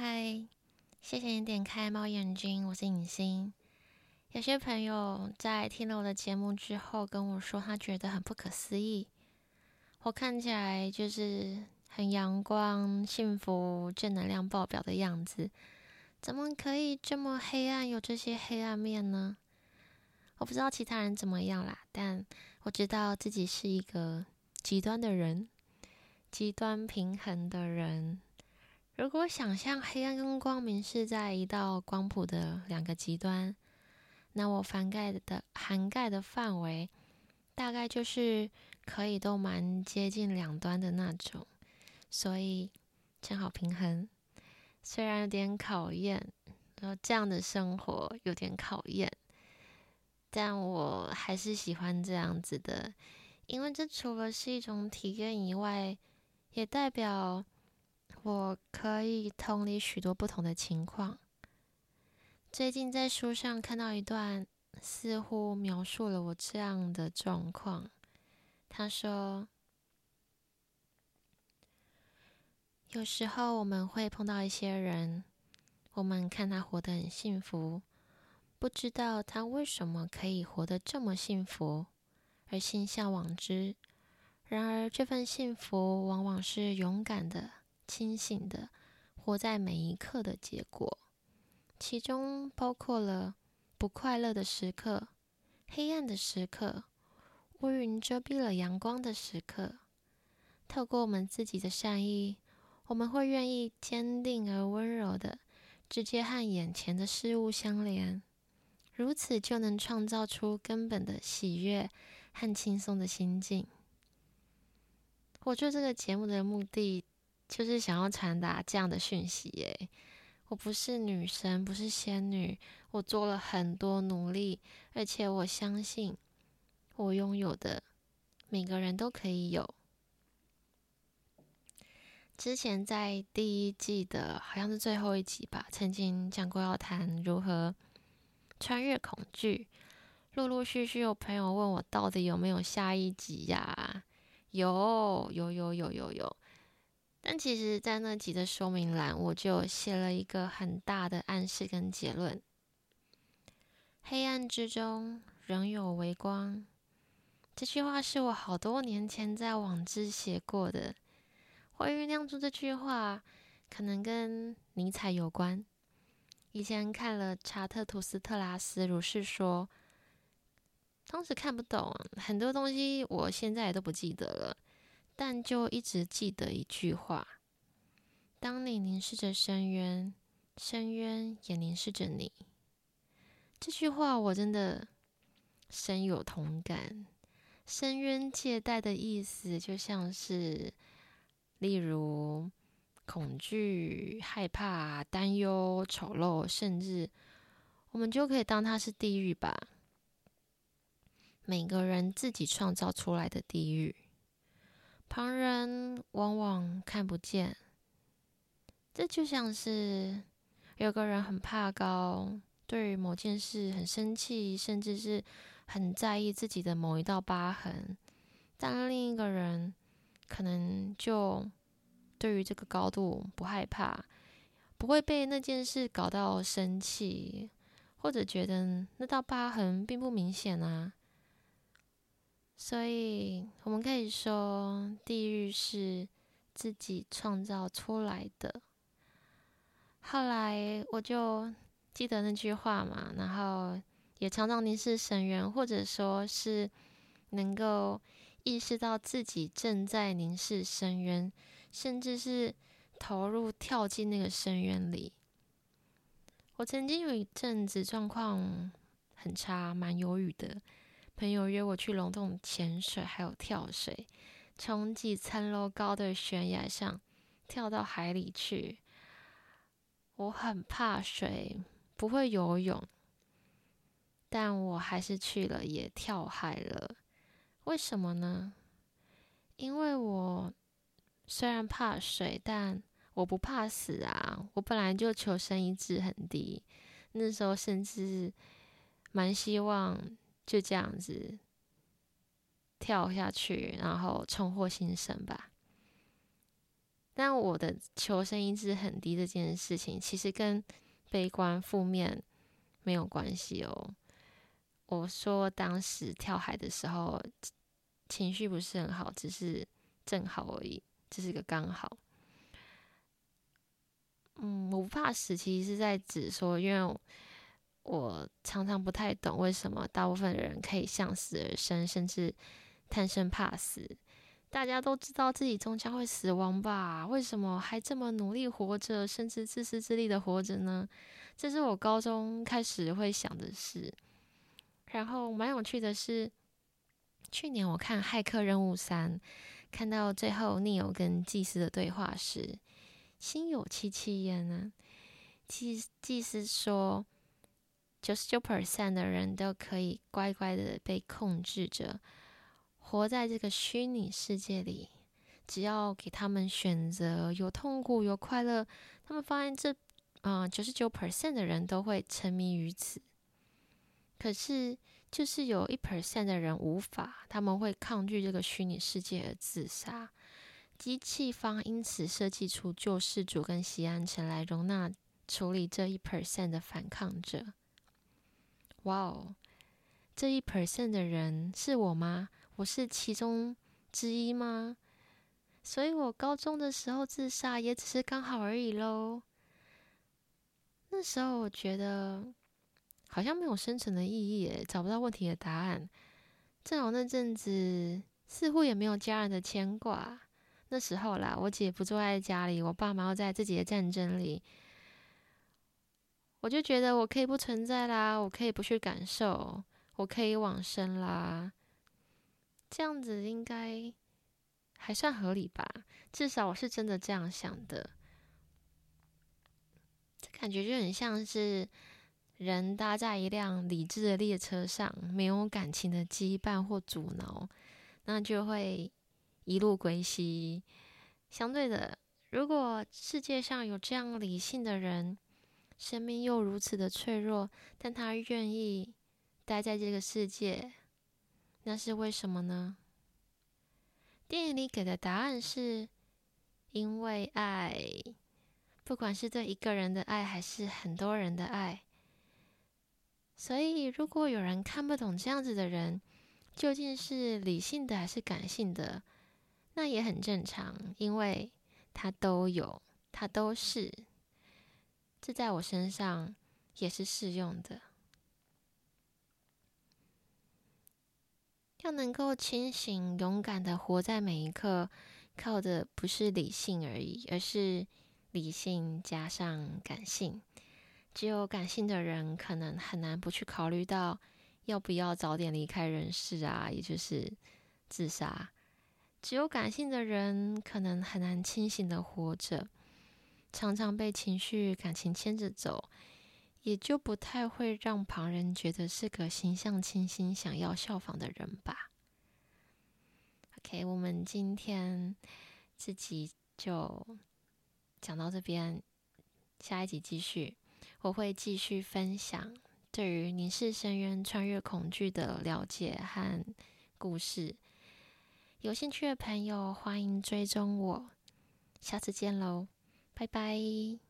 嗨，Hi, 謝謝你點開貓眼睛，我是影星。有些朋友在聽了我的節目之後跟我說，他覺得很不可思議，我看起來就是很陽光、幸福、正能量爆表的樣子，怎麼可以這麼黑暗，有這些黑暗面呢？我不知道其他人怎麼樣啦，但我知道自己是一個極端的人，極端平衡的人。如果想象黑暗跟光明是在一道光譜的兩個極端，那我涵蓋的涵蓋的範圍大概就是可以都蠻接近兩端的那種，所以正好平衡。雖然有點考驗，然後這樣的生活有點考驗，但我還是喜歡這樣子的，因為這除了是一種體驗以外，也代表。我可以同理許多不同的情況。最近在書上看到一段，似乎描述了我這樣的狀況。他說：“有時候我們會碰到一些人，我們看他活得很幸福，不知道他為什麼可以活得這麼幸福，而心向往之。然而，這份幸福往往是勇敢的。”清醒的活在每一刻的結果，其中包括了不快樂的時刻、黑暗的時刻、烏雲遮蔽了陽光的時刻。透過我們自己的善意，我們會願意堅定而溫柔地直接和眼前的事物相連，如此就能創造出根本的喜悅和輕鬆的心境。我做這個節目的目的，就是想要傳達這樣的訊息欸。我不是女神，不是仙女，我做了很多努力，而且我相信我擁有的，每個人都可以有。之前在第一季的好像是最後一集吧，曾經講過要談如何穿越恐懼。陸陸續續有朋友問我，到底有沒有下一集呀？有，有,有，有,有,有,有，有，有，有。但其實，在那集的說明欄，我就寫了一個很大的暗示跟結論：“黑暗之中仍有微光。”這句話是我好多年前在網誌寫過的。會醞釀出這句話，可能跟尼采有關。以前看了《查特圖斯特拉斯》，如是說，當時看不懂，很多東西我現在也都不記得了。但就一直記得一句話：“當你凝視着深淵，深淵也凝視着你。”這句話我真的深有同感。深淵借代的意思，就像是例如恐懼、害怕、擔憂、醜陋，甚至我們就可以當它是地獄吧。每個人自己創造出來的地獄。旁人往往看不見，這就像是有個人很怕高，對於某件事很生氣，甚至是很在意自己的某一道疤痕，但另一個人可能就對於這個高度不害怕，不會被那件事搞到生氣，或者覺得那道疤痕並不明顯啊。所以，我們可以說，地獄是自己創造出來的。後來，我就記得那句話嘛，然後也常常凝視深淵，或者說是能夠意識到自己正在凝視深淵，甚至是投入跳進那個深淵裡。我曾經有一陣子狀況很差，蠻憂鬱的。朋友約我去龍洞潛水，還有跳水，從幾層樓高的懸崖上跳到海裡去。我很怕水，不會游泳，但我還是去了，也跳海了。為什麼呢？因為我雖然怕水，但我不怕死啊！我本來就求生意志很低，那時候甚至蠻希望。就這樣子跳下去，然後重獲新生吧。但我的求生意志很低這件事情，其實跟悲觀負面沒有關係哦。我說當時跳海的時候情緒不是很好，只是正好而已，這，就是個剛好。嗯，我不怕死，其實是在指說，因為。我常常不太懂為什麼大部分人可以向死而生，甚至貪生怕死。大家都知道自己終將會死亡吧？為什麼還這麼努力活着，甚至自私自利地活着呢？這是我高中開始會想的事。然後蠻有趣的是，去年我看《駭客任務三》，看到最後尼歐跟祭司的對話時，心有戚戚焉呢。祭祭司說。九十九 percent 的人都可以乖乖的被控制着，活在這個虛擬世界裡。只要給他們選擇有痛苦有快樂，他們發現這，啊、呃，九十九 percent 的人都會沉迷於此。可是，就是有一 percent 的人無法，他們會抗拒這個虛擬世界而自殺。機器方因此設計出救世主跟錫安城來容納處理這一 percent 的反抗者。哇哦，wow, 這一 percent 的人是我嗎？我是其中之一嗎？所以，我高中的時候自殺也只是剛好而已嘍。那時候我覺得好像沒有生存的意義，找不到問題的答案。正好那陣子似乎也沒有家人的牽掛。那時候啦，我姐不住在家裡，我爸媽又在自己的戰爭裡。我就覺得我可以不存在啦，我可以不去感受，我可以往生啦，這樣子應該還算合理吧？至少我是真的這樣想的。這感覺就很像是人搭在一輛理智的列車上，沒有感情的羈絆或阻撓，那就會一路歸西。相對的，如果世界上有這樣理性的人，生命又如此的脆弱，但他願意待在這個世界，那是為什麼呢？電影裡給的答案是因為愛，不管是對一個人的愛，還是很多人的愛。所以，如果有人看不懂這樣子的人究竟是理性的還是感性的，那也很正常，因為他都有，他都是。這在我身上也是適用的。要能夠清醒、勇敢的活在每一刻，靠的不是理性而已，而是理性加上感性。只有感性的人，可能很難不去考慮到要不要早點離開人世啊，也就是自殺。只有感性的人，可能很難清醒的活着。常常被情緒、感情牽着走，也就不太會讓旁人覺得是個形象清新、想要效仿的人吧。OK，我們今天這集就講到這邊，下一集繼續，我會繼續分享對於凝視深淵、穿越恐懼的了解和故事。有興趣的朋友歡迎追蹤我，下次見嘍！拜拜。